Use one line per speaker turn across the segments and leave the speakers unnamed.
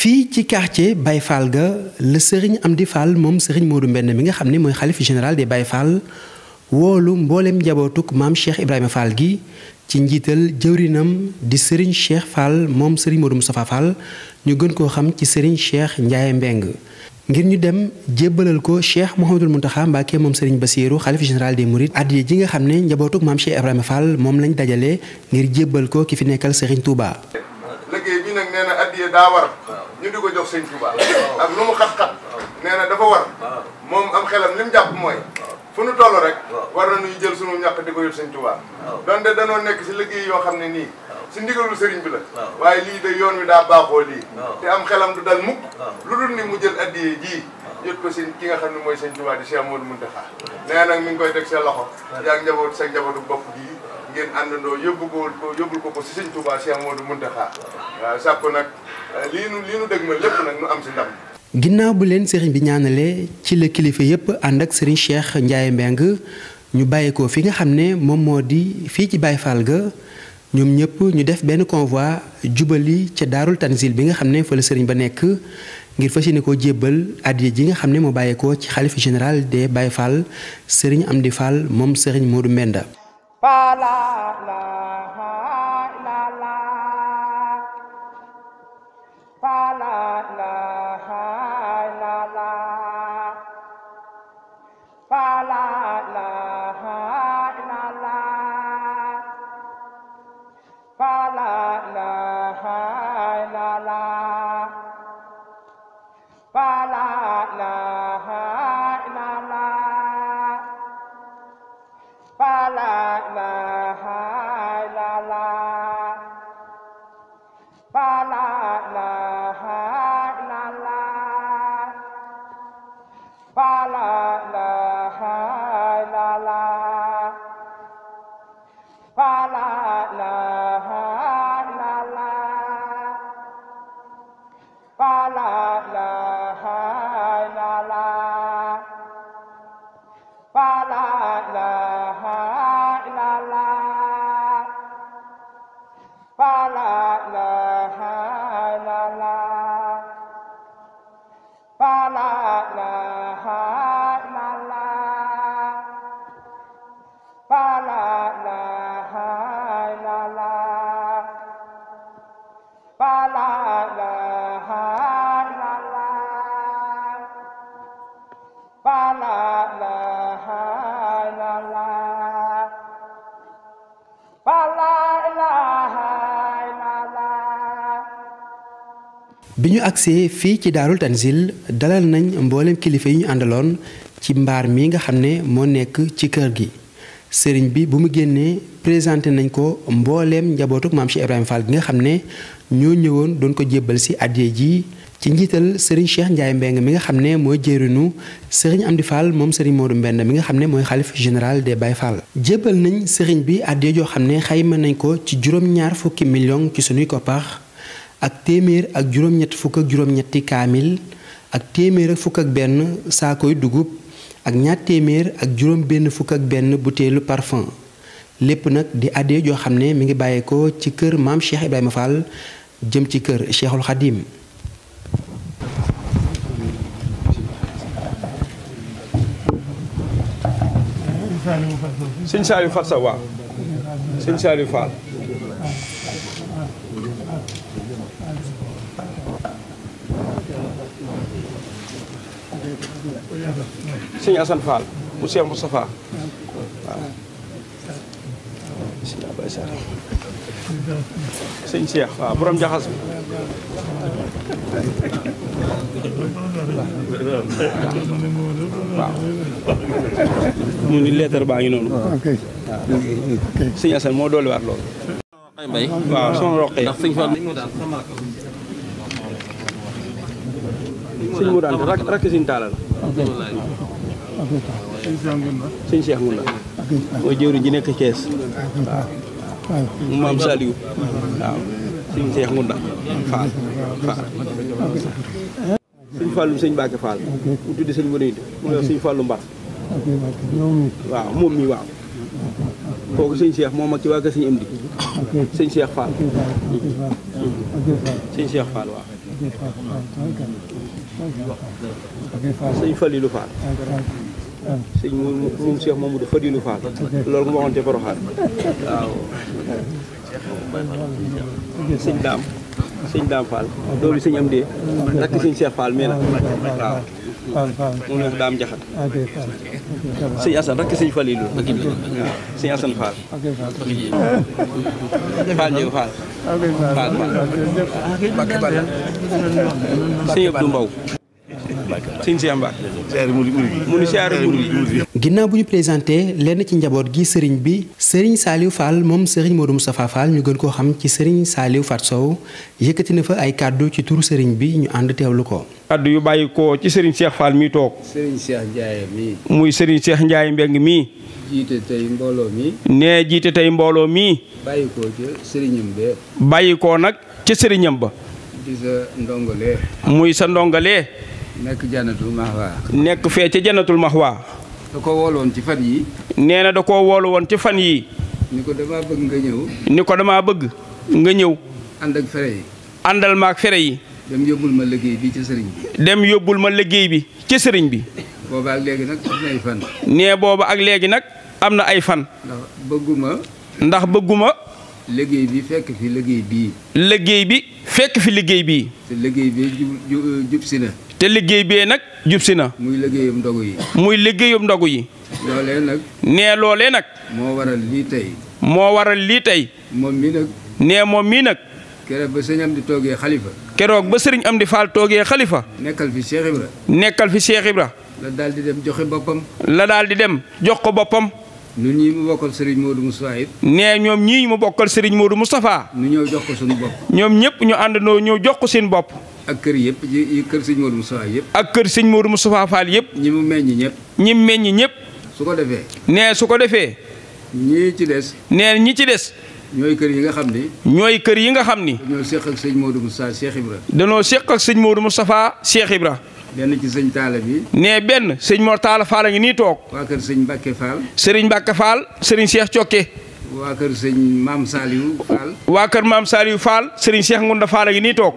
fii ci ci Baye Fall ga la sëriñ di Fall moom sëriñ Modou Mbenn mi nga xam ne mooy xalif général des Baye Fall woolu mbooleem njabootuk maam Cheikh Ibrahima Fall gi ci njiital jëwrinam di sëriñ Cheikh Fall moom sëriñ Modou Moustapha Fall ñu gën koo xam ci sëriñ Cheikh Ndiaye Mbeng ngir ñu dem jébbalal ko Cheikh Mouhamadul Mountakha Mbacké moom sëriñ siiru xalif général des Mourides addiya ji nga xam ne njabootuk maam Cheikh Ibrahima Fall moom lañu dajale ngir jébbal ko ki fi nekkal sëriñ Touba.
ñu di ko jox sëñ Touba ak lu mu xat-xat nee na dafa war moom am xelam li mu jàpp mooy fu nu toll rek war nañuy jël sunu ñàkk di ko yóbbu sëñ Touba donte danoo nekk si liggéey yoo xam ne nii si ndigalul sëriñ bi la waaye lii de yoon wi daa baaxoo lii te am xelam du dal lu dul ni mu jël addiyee jii yëg ko ki nga xam ne mooy sëñ Touba di Cheikh Modou Mountakha nee nag mi ngi koy teg sa loxo yaa ngi njaboot sa njabootu bopp gii ngeen àndandoo yóbbu ko yóbbul ko ko si sëñ Touba Cheikh Modou Mountakha waaw sàpp nag
ginnaaw bu leen sëriñ bi ñaanalee ci la kilifa yépp ànd ak sëriñ Cheikh Ndiaye mbeng ñu bàyyi ko fi nga xam ne moom moo di fii ci Baye Fall ga ñoom ñëpp ñu def benn convoi jubali ca daarul tanzil bi nga xam ne fa sëriñ ba nekk ngir fas yéene koo jébbal addiya ji nga xam ne moo bàyyeekoo ci xalifa général de Baye Fall sëriñ Amdi Fall moom sëriñ Modou Mbenda. bi ñu agsee fii ci daarul tanzil dalal nañ mboolem kilifa yi ñu àndaloon ci mbaar mi nga xam ne moo nekk ci kër gi sëriñ bi bu mu génnee présenté nañ ko mbooleem njabootuk maam Cheikh Ibrahima Fall gi nga xam ne ñoo ñëwoon doon ko jébbal si addiya ji ci njiital sëriñ Cheikh Ndiaye Mbeng mi nga xam ne mooy jëriñu sëriñ Amdi Fall moom sëriñ Modou mbenn mi nga xam ne mooy xalifa général des Baye Fall. jébbal nañ sëriñ bi addiya joo xam ne xayma nañ ko ci juróom fukki million ci sunuy koppar. ak téeméer ak juróom ñetti kaamil ak téeméer ak fukk ak benn saakoy dugub ak ñaar téeméer ak juróom-benn fukk ak benn butéelu parfum lépp nag di adde joo xam ne mi ngi bàyyeekoo ci kër maam Cheikh Ibrahima Fall jëm ci kër Cheikhul Khadim.
sëñ Assane Fall mu Cheikh Moustapha waaw sëñ Abay Sarr sëñ Cheikh waaw borom jaxas bi waaw leetar baa ngi noonu waaw ah, sëñ Assane moo dolliwaat loolu waaw soxna Roqe ndax sëñ Fallou sëñ mu daan rak rak sëñ Taala la sëñ Cheikh Ngounda mooy jëwriñ nekk Thiès waaw maam Saliou waaw sëñ Cheikh Ngounda Fall Fall sëñ Fallou sëñ Mbacke Fall mu tudde sëñ Wërëyit mu sëñ Fallou Mbar waaw moom mi waaw kooku sëñ Cheikh moom ak ci waa kër sëñ Amdi sëñ Cheikh Fall sëñ Cheikh Fall waaw sëñ Falilou Fall sëñ moom mu Mamadou Falilou Fall loolu lool waxoon te Porokhane waaw sëñ Daam sëñ Dame Fall doomi sëñ Amdi rakk sëñ Cheikh Fall mii la waaw moom la daam jaxat sëñ Assane rakk sëñ Falilou waaw sëñ Assane Fall Fall Ndiégo Fall Fall Fall sëñ Abdou Mbow sëñ Cheikh Mbacké mu
ginnaaw bu ñu présenté lenn ci njaboot gi sëriñ bi sëriñ Saliou Fall moom sëriñ Modou Moustapha Fall ñu gën koo xam ci sëriñ Saliou Fat Sow yëkkati na fa ay kàddu ci tur sëriñ bi ñu ànd teewlu ko.
kàddu yu bàyyi ko ci sëriñ Cheikh Fall mi toog. sëriñ Cheikh muy sëriñ Cheikh Ndiaye Mbeng mii. mbooloo mii. nee jiite tey mbooloo mii. bàyyi ko ci nag ci sëriñam ba. di sa ndongalee. muy sa ndongalee. nekk janatul maxwaa. fee ca janatul maxwaa. da ko wooloon ci fan yii. nee na da ko wool woon ci fan yii. ni ko damaa bëgg nga ñëw. ni ko damaa bëgg nga ñëw. ànd ak fere yi. àndal ma fere yi. dem yóbbul ma liggéey bi ci sëriñ bi. dem yóbbul ma liggéey bi ci sëriñ bi. booba ak léegi nag am na ay fan. booba ak léegi nag am na ay fan. ndax bëgguma. ndax bëgguma. liggéey bi fekk fi liggéey bii. liggéey bi fekk fi liggéey bii. te liggéey bi jub jub te liggéey bee nag jub si na. muy liggéeyum ndogu yi. muy liggéeyum ndogu yi. loolee nag. nee loolee nag. moo waral lii tey. moo waral lii tey. moom mii nag. nee moom mii nag. keroog ba sëriñ am di toogee xalifa. keroog ba sëriñ am di faal toogee xalifa. nekkal fi Cheikh Ibra. nekkal fi Cheikh Ibra. la daal di dem joxe boppam. la daal di dem jox ko boppam. ñun ñii mu bokkal Serigne Modou Moustapha it. nee ñoom ñii mu bokkal Serigne Modou Moustapha. ñu ñëw jox ko suñu bopp. ñoom ñëpp ñu àndandoo ñëw jox ko seen bopp. ak kër yëpp kër sëñ Modou Moustapha yëpp. ak kër sëñ Modou Moustapha Fall yëpp. ñi mu meññ ñëpp. ñi mu meññ ñëpp. su ko defee. nee su ko defee. ñii ci des. nee ñi ci des. ñooy kër yi nga xam ni. ñooy kër yi nga xam ni. dañoo seq ak sëñ Modou Moustapha Cheikh Ibra. dañoo seq ak sëñ Modou Moustapha Cheikh Ibra. benn ci sëñ Taala bi. nee benn sëñ Mor Taala Fall ngi nii toog. waa kër sëñ Mbacke Fall. sëriñ Mbacke sëriñ Cheikh Cokke. waa kër sëñ Maam Saliou Fall. waa kër Maam Saliou Fall sëriñ Cheikh Ngunda Fall a ngi nii toog.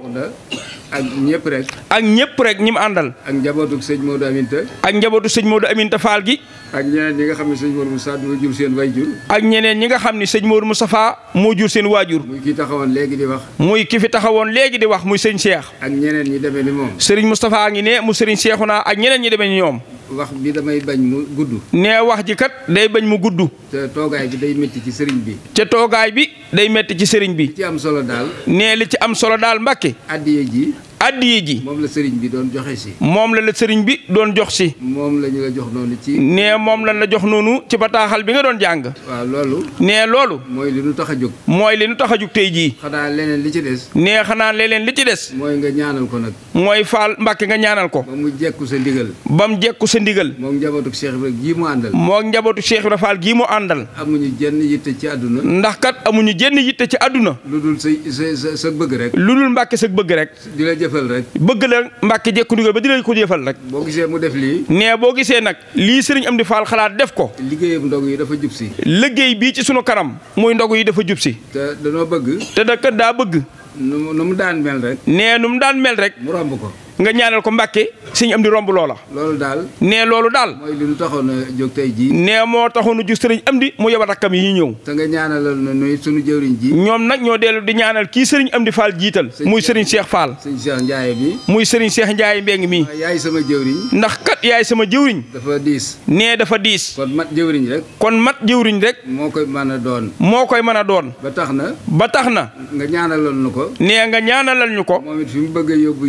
ak ñëpp rek. ak ñëpp rek ñi mu àndal. ak njabootu sëñ Modou Aminta. ak njabootu sëñ Modou Aminta faal gi. ak ñeneen ñi nga xam ne sëñ Modou Moustapha moo jur seen waajur. ak ñeneen ñi xam ne sëñ Modou Moustapha moo jur seen waajur. muy kii taxawoon léegi di wax. muy ki fi taxawoon léegi di wax muy sëñ Cheikh. ak ñeneen ñi demee ni moom. sëriñ Moustapha a ngi ne mu sëriñ naa ak ñeneen ñi demee ni ñoom. wax bi damay bañ mu gudd. nee wax ji kat day bañ mu gudd. te toogaay bi day métti ci sëriñ bi. te toogaay bi day métti ci sëriñ bi. li ci am solo daal. nee li ci am solo daal mbàkke. addiya ji. addiye ji moom la sëriñ bi doon joxe si. moom la la sëriñ bi doon jox si. moom la ñu la jox noonu ci. nee moom la la jox noonu ci bataaxal bi nga doon jàng. waaw loolu. nee loolu. mooy li nu tax a jóg. mooy li nu tax a jóg tey jii. xanaa leneen li ci des. nee xanaa leneen li ci des. mooy nga ñaanal ko nag. mooy Faal Mbàkke nga ñaanal ko. ba mu jekku sa ndigal. ba mu jekku sa ndigal. moog njabootu Cheikh Ibra gii mu àndal. moog njabootu Cheikh Ibra Faal gii mu àndal. amuñu jenn yitte ci àdduna. ndax kat amuñu jenn yitte ci àdduna. lu dul sa sa bëgg rek. lu dul mbàkke sa bëgg rek. di la jëfal rek. bëgg la mbàkke jekku ndigal ba di ko jëfal rek. boo gisee mu def lii. nee boo gisee nag lii sëriñ Amdi Fall xalaat def ko. liggéeyam ndog yi dafa jub si. liggéey bii ci sunu kanam. muy ndogu yi dafa jub si. te danoo bëgg. te da kat daa bëgg. nu mu daan mel rek. nee nu mu daan mel rek. mu romb ko. nga ñaanal ko mbàkke sëñ am di romb loola. loolu daal nee loolu daal. mooy li taxoon a jóg tey jii. nee moo taxoon a jóg sëriñ am di mu yebal rakkam yi ñu ñëw. te nga ñaanalal nuyu sunu jëwriñ ji. ñoom nag ñoo dellu di ñaanal kii sëriñ am di Fall jiital. muy sëriñ Cheikh Fall. sëriñ Cheikh Ndiaye bi. muy sëriñ Cheikh Ndiaye Mbeng mi. yaay sama jëwriñ. ndax kat yaay sama jëwriñ. dafa diis. nee dafa diis. kon mat jëwriñ rek. kon mat jëwriñ rek. moo koy mën a doon. moo koy mën a doon. ba tax na. ba tax na. nga ñaanalal ñu ko. nee nga ñaanalal ñu ko. moom it fi bëgg a yóbbu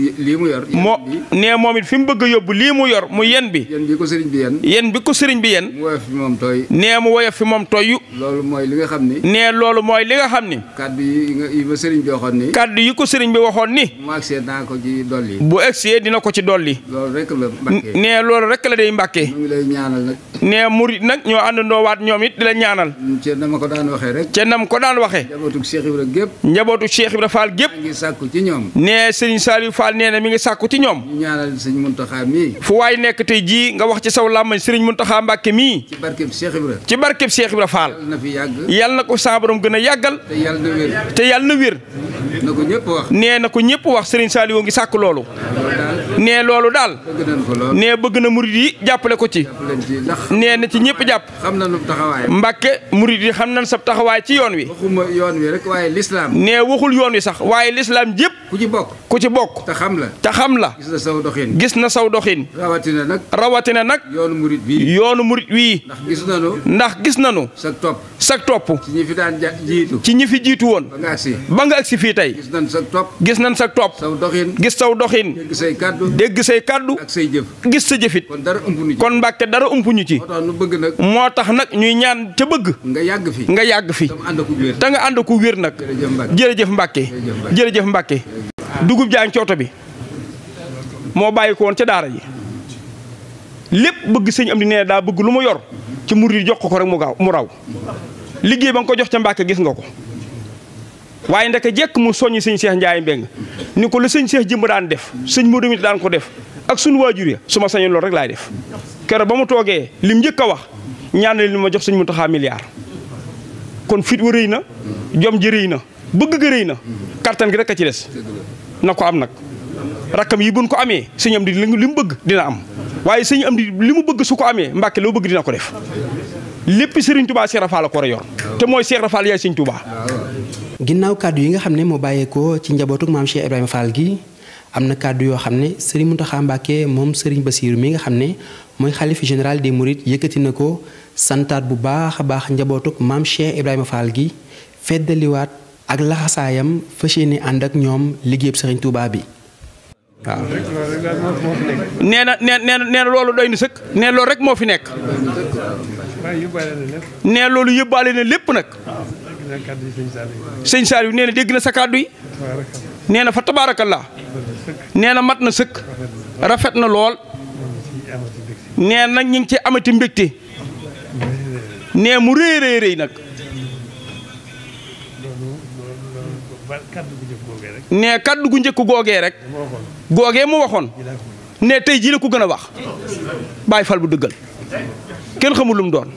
yor moo nee moom it fi mu bëgg a yóbbu lii mu yor mu yen bi. yen mooy li nga xam ni. nee loolu mooy li nga xam ni. kaddu yi nga yi ma sëriñ ni. kaddu yi ko sëriñ bi waxoon ni. bu egsee naa ko ci dolli. bu egsee dina ko ci dolli. loolu rek la mbàkkee. nee loolu rek la day mbàkkee. mu nag. nee murit nag ñoo àndandoo waat ñoom it di la ñaanal. Mm, ca nam ko daan waxee rek. ca nam ko daan waxee. njabootu Cheikh Ibra gépp. njabootu Cheikh Ibra Fall gépp. nee sëriñ Saliou Fall nee na ngi sàkku sàkku ci ñoom. ñu ñaanal sëñ Muntaxa mii. fu waay nekk tey jii nga wax ci saw làmmañ sëriñ Muntaxa Mbàkke mii. ci barkeb Cheikh Ibra. ci barkeb Cheikh Ibra Fall. yal na yàgg. yal na ko saa borom gën a yàggal. te yal na wér. te yal na wér. na ko ñëpp nee na ko ñëpp wax Serigne Saliou ngi sàkk loolu. nee loolu daal. nee bëgg na murid yi jàppale ko ci. nee na ci ñëpp jàpp. xam nañu taxawaay. Mbàkke murid yi xam nañ sab taxawaay ci yoon wi. waxuma yoon wi rek waaye lislaam. nee waxul yoon wi sax waaye lislaam jépp. ku ci bokk ku ci bokk. te xam la te xam la. gis na saw doxin. gis na saw doxin. rawatina nag. rawatina nag. yoonu murid wii. yoonu murid wii. ndax gis nañu. ndax gis nañu. sag topp sag topp. ci ñi fi daan jiitu. ci fi jiitu woon. ba nga agsi fii tey tey. gis nañ sa topp. gis nañ sa topp. saw doxin. gis saw doxin. dégg say kaddu. dégg say kaddu. ak say jëf. gis sa jëfit. kon dara umpu kon mbàkke dara umpu ñu ci. moo tax bëgg nag. moo tax nag ñuy ñaan ca bëgg. nga yàgg fi. nga yàgg fi. te nga ànd ku wér nag. jërëjëf mbàkke jërëjëf mbàkke dugub jaa cooto bi moo bàyyi ko woon ca daara yi lépp bëgg sëñ am di nee daa bëgg lu mu yor ci murid yi jox ko ko rek mu mu raw liggéey ba nga ko jox ca mbàkke gis nga ko waaye ndeke jekk mu soññi sëñ Cheikh Ndiaye Mbeng ni ko lu sëñ Cheikh jëmb daan def sëñ Modou mi daan ko def ak suñu waajur ya su ma sañoon loolu rek laay def keroog ba mu toogee lim njëkk a wax ñaan li ma jox sëñ Mountakha milliard kon fit wa rëy na jom ji rëy na bëgg ga rëy na kattan gi rek a ci des na ko am nag rakkam yi buñ ko amee sëñ am di li mu bëgg dina am waaye sëñ am di li mu bëgg su ko amee mbàkke loo bëgg
dina ko def lépp Serigne Touba Cheikh Rafal la ko yor te mooy Cheikh Rafal yaay sëñ ginnaaw kàddu yi nga xam ne moo bàyyeekoo ci njabootuk maam Cheikh Ibrahima Fall gi am na kàddu yoo xam ne Serigne Mountakha Mbacké moom Serigne Bassirou mi nga xam ne mooy xalif général des murit yëkkati na ko santaat bu baax a baax njabootuk maam Cheikh Ibrahima Fall gi feddaliwaat ak laxasaayam fas yéene ànd ak ñoom liggéeyub Serigne Touba bi. waaw
nee na nee na loolu doy na sëkk nee loolu rek moo fi nekk nee loolu yóbbaale na lépp nag. sëñ Saliou nee na dégg na sa kàddu nee na fa tabaarakallaa nee na mat na sëkk rafet na lool nee nag ñu ci amati mbégte nee mu rëy rëy rëy nag nee kàddu gu njëkk googee rek googee mu waxoon nee tey jii la ko gën a wax bàyyi fal bu dëggal kenn xamul doon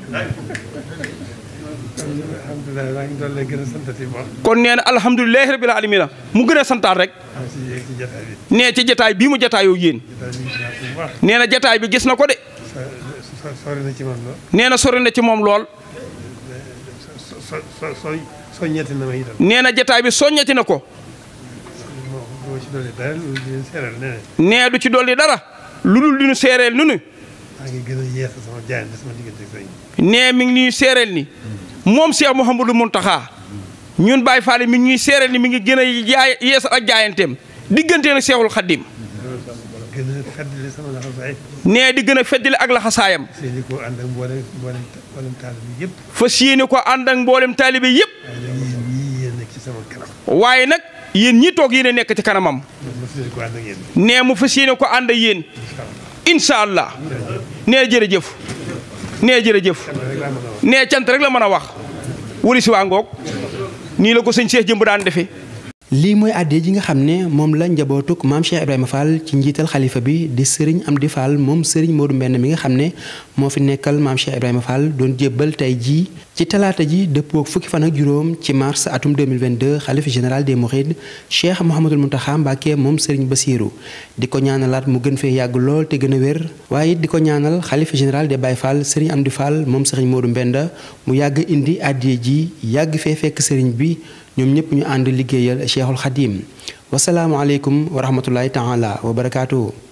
alhamdulilah
kon nee na alhamdulilah rabil mu gën a santaat rek. nee ci jataay bii mu jataayoo yéen. nee na jataay bi gis na ko de.
sori na ci moom lool.
nee na sori na ci moom lool. soññati na ma nee na jataay bi soo soññati na ko. nee du ci dolli dara. lu dul li ñu seereel nu nu. nee mi ngi ñuy seereel ni. moom Cheikh Mouhamadou taxa ñun Baye Fall mi ñuy seere ni mi ngi gën a jaay yeesal ak jaayanteem diggante na Cheikhul Khadim nee di gën a feddali ak laxasaayam. fas yéene koo ànd ak mboolem taalibe yëpp. fas yéene koo ànd ak mboolem taalibe yëpp. waaye nag yéen ñi toog yéen a nekk ci kanamam. nee mu fas yéene ko ànd ak yéen. incha allah nee jërëjëf. nee jërëjëf nee cant rek la mën a wax wëri si waa ngoog nii la ko sëñ Cheikh jëmb daan defee
lii mooy àddee ji nga xam ne moom la njabootuk maam Cheikh Ibrahima Fall ci njiital xalifa bi di sëriñ di fal moom sëriñ Modou Mbenn mi nga xam ne moo fi nekkal maam Cheikh doon jébbal tey jii ci talaata ji dëppook fukki fan ak juróom ci mars atum 2022 xalifa général des Mourides Cheikh Mouhamadul Mountakha moom sëriñ Bassirou di ko ñaanalaat mu gën fee yàgg lool te gën a wér waaye di ko ñaanal xalifa général des Baye Fall sëriñ Amdi moom sëriñ Modou Mbenda mu yàgg indi àddee ji yàgg fee fekk sëriñ bi ñoom ñëpp ñu ànd liggéeyal cheikhul xadim wasalaamualeykum wa rahmatullahi taala wa